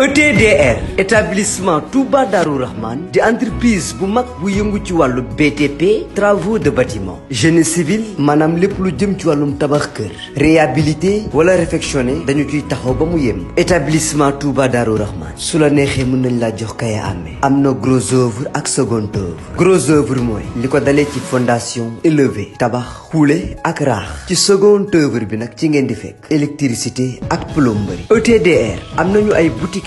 ETDR établissement Touba Darou Rahman di entreprise bu mag bu BTP travaux de bâtiment génie civil manam lépp lu jëm ci wàllum tabax kër réhabilité wala réfectionné dañu ciy taxaw mu établissement Touba Darou Rahman su la neexee mën nañ Ame, jox gros œuvre ak second œuvre gros œuvre moi li ko ci fondation élevé tabax houle ak raax ci second œuvre bi nag ci di électricité ak plomberie ETDR amno ay boutique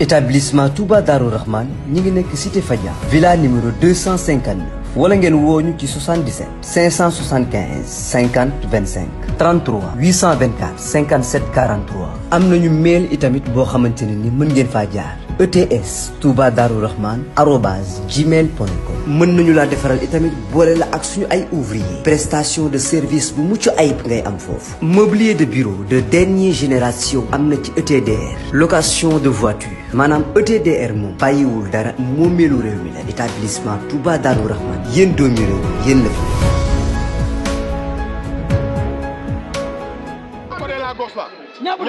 établissement Touba Darou Rahman ñi ngi cité Fadia villa numéro 259 wala 77 575 50 25 33 824 57 43 Amna mail itamit bo xamante ni mën ngeen ets touba darou rahman gmail.com mën nañu laa defaral itamit boole la ak suñu ay ouvrier prestation de service bu mucc ayib ngay am foofu mobilier de bureau de dernière génération am na ci ETDR location de voiture maanaam ETDR moom bàyyiwul dara moomeelu réew mi la établissement Touba Darou Rahman yéen doomi réew yéen la fi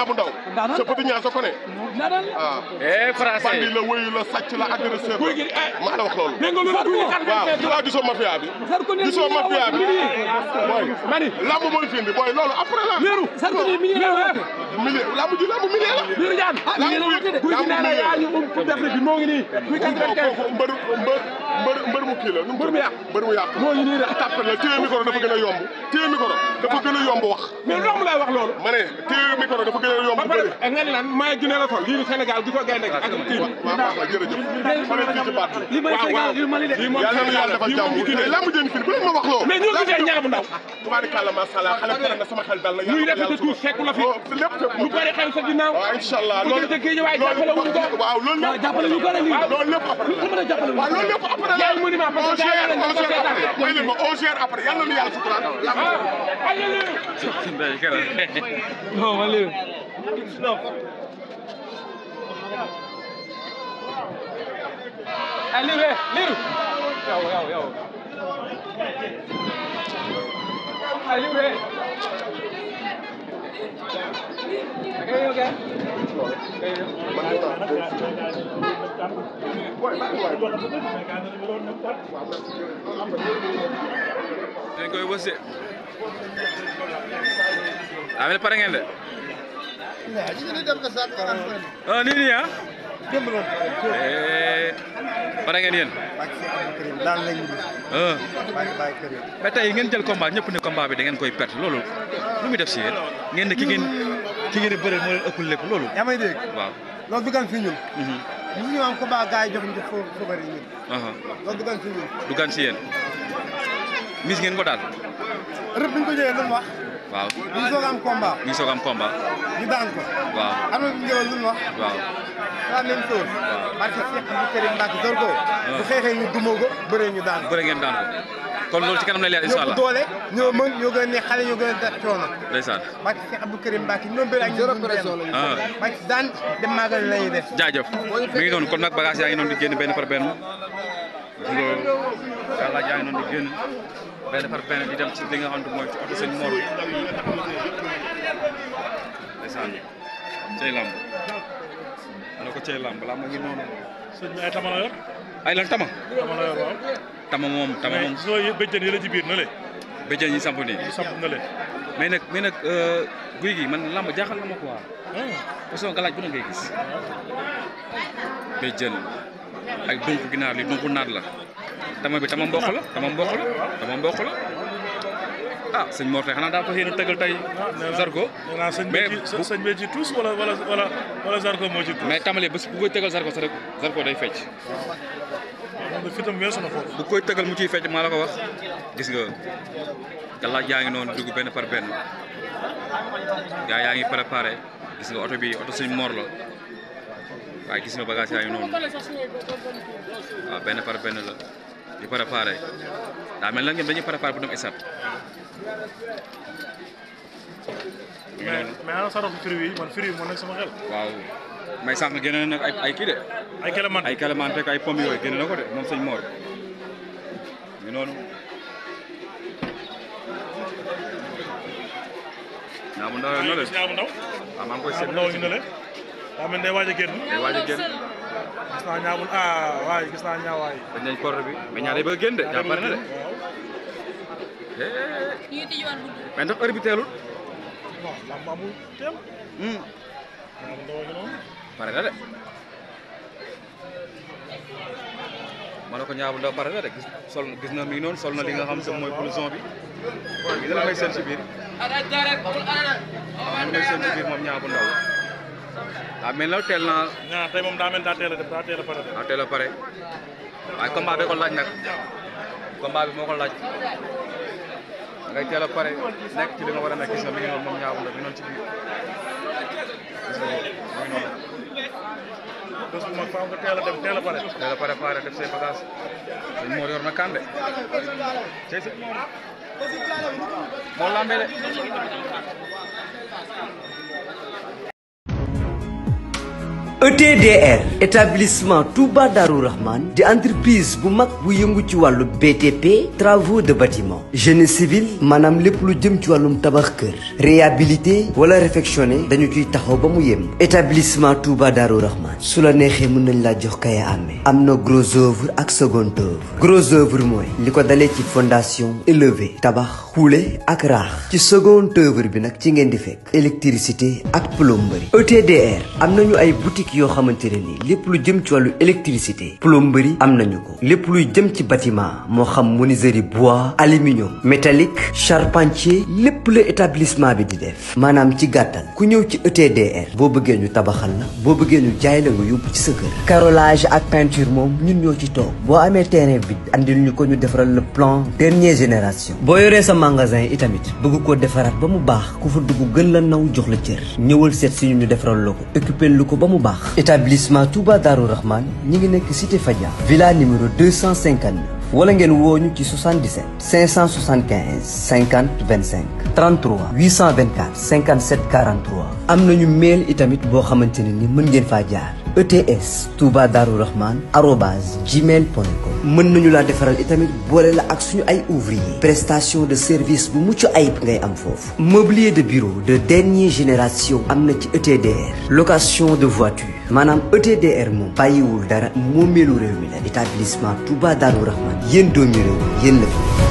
ñaa bu ndaw. sa petit ñaa sa kone. ah. eh français bandi la wéyu la sàcc la agresseur la. Eh. maa la wax loolu. waaw waaw gisoo mafia bi. gisoo mafia bi. booy lamb mooy fi indi booy loolu après la. leeru sarkozy mi ngi milieu lamb ji lamb milieu la. biiru jaan ah milieu la wute de. lamb milieu la yaa ñu um coupe d'Afrique bi moo ngi nii. mbër mbër mu kii la nu mbër mu yàq mbër mu yàq moo ñu nii rek tàppal la téye micro dafa gën a yomb téye micro dafa gën a yomb wax mais loolu lay wax loolu ma ne téye micro dafa gën a yomb bëri nga ne lan maay gën a la tol lii di Sénégal gi ko gaynde ak kii waaw jërëjëf ma ne fii ci baat li bëri Sénégal yu Mali de yàlla na yàlla dafa jàmm lamb jën fi bu leen ma wax loolu mais ñoo gisee ñaar bu ndaw tubaarikàlla ma sala xale bu na sama xel dal na ñuy répété tout fekku la fi lu bëri xew sa ginnaaw waaw inshallah loolu waaw loolu lépp jàppale ñu ko rek loolu lépp après yàlla mu ni ma parce que daa yàlla ñu ko seetaan may leen ma on gère après yàlla na yàlla suturaat non wali non Liru, Liru. Yo, yo, yo. Liru. dañ koy wësse amel ini. ngeen ini ya? nii nii ah démb loon pare ngeen yéen daal lañu bi mais tey ngeen jël combat ñëpp ne combat bi da ngeen koy perte loolu lu muy def si yéen ngeen ne ki ngeen ci ngeen di bëre moo leen loolu. yaa may dégg. waaw loolu du gan fi ñun. Mhm. ñu ñu am ko ba gars yi jox ñu fo fo bëri ñun. loolu du gan fi ñun. du si yéen. mis ko daal. rëb bi ñu ko jëlee lu mu wax. waaw ñu soog am combat. ñu soog am combat. ñu daan ko. waaw am na ñu jëloon lu mu waaw. la même chose. waaw parce que Cheikh Abdou Karim Mbacke door ko. bu xeexee ñu dumoo ko bëree ñu daan ko. bëree ngeen ko. kon loolu ci kanam la leer inshallah ñu doole ñu mën ñu gën a neex xale ñoo gën ndaysan ba ci bak Cheikh Abdou Karim Mbacke ñoom bëri ñu ñoom pression la ah bak daan dem magal lay def jaajeuf mi ngi non kon nak bagage yaa ngi noonu di génn benn par benn yàlla yaa ngi non di génn benn par benn di dem ci li nga xam ne mooy ci auto sëñ moro ndaysan cey lamb ana ko cey lamb lamb ngi noonu sëñ ay tama la yor ay lan tama tama la yor tama moom tama moom mais soo bëjjën yële ci biir na le. bëjjën yi samp nii. samp na le. mais nag mais nag euh, guy gi man làmb jaaxal na ma quoi. parce que galaaj bu ne ngay gis. bëjjën ak dunku ginaar li dunku naat la. tama bi tama mboq la tama mboq la tama mboq la. ah sëñ Mor tey xanaa daa ko yéen a tëggal tey. Ah, Zarko mais bu sëñ bi ci tous wala wala wala moo ci tous. mais tamale bés bu koy tëggal Zarko sax rek Zarko day fecc. ne fitam weesu na foofu bu koy tëgal mu ciy fecc maa la ko wax gis nga galaaj yaa ngi noonu dugg benn par benn gaa yaa ngi gis nga oto bi oto suñ mor la waaye gis nga bagage yaa ngi noonu par benn la di préparé daa mel na ñoom dañuy préparé bu dem esat mais mais ana sa rox firi man firi yi moo sama xel waaw may sànq génne na ay ay de. ay kalamaan ay kalamaan rek ay pomme yooyu génne na de moom sëñ Mor. ñu noonu. ñaamu ndaw la noonu ñaamu ah, koy seetlu ñaamu ndaw ñu ne la. daa de jàppal na de. ñu ngi ah, mais ndax heure bi teelul. waaw lamb amul teel. Hmm. ñaamu ndaw pare na de ma ne ko Niang bu Ndaw pare na de gis sol gis na mi ngi sol na li nga xam te mooy blouson bi gi na la may seen ci biir waaw may seen ci moom Niang bu teel naa. ñaa tey teel a def daa teel a pare. daa teel a pare waaye combat bi ko laaj nag combat bi moo ko laaj da ngay teel a pare nekk ci li nga war a nekk gis nga mi ngi noonu moom Niang bu Ndaw mi ngi ci biir bés bu mag faaw nga a a pare. a pare na kànde. tey sëñ ETDR établissement Touba Darou Rahman de entreprise bu mak bu yëngu ci walu BTP travaux de bâtiment génie civil manam lepp lu jëm ci walum tabakh kër réhabilité wala réfectionné dañu ci taxaw ba mu établissement Touba Darou Rahman su la mën nañ la jox kaya amee am gros œuvre ak second œuvre gros œuvre moy liko dalé ci fondation élevée tabakh xuule ak raax ci second œuvre bi nak ci ngeen di électricité ak plomberie ETDR amna ñu ay boutique les yoo xamante ne lu jëm ci électricité plomberie am les ko lépp luy jëm ci bâtiment moo xam menuiserie bois aluminium métallique charpentier les la établissement bi di def maanaam ci gàttal ku ñëw ci ETDR boo bëggee ñu tabaxal la boo ñu jaay la nga ci carrelage ak peinture mom. ñun ñoo ci toog boo amee terrain bi andil ñu ko ñu le plan dernière génération boo yoree sa magasin itamit bëgg ko defaraat ba mu baax ku fa dugg gën la naw jox la si ñu ñu defaral la lu ko ba mu baax baax établissement Touba Darou Rahman ñi ngi nekk cité Fadia villa numéro 259 wala ngeen wooñu ci 77 575 50 25 33 824 57 43 am nañu mail itamit boo xamante ne ni mën ngeen faa jaar ETS Touba Darou Rahman gmail.com mën nañu à defaral itamit boole la ak suñu ay ouvrier prestation de service bu mucc ayib ngay am mobilier de bureau de dernière génération amnet ETDR location de voiture Madame ETDR mon bàyyiwul dara moomeelu réew mi la établissement Touba Darou Rahman yéen doomi réew la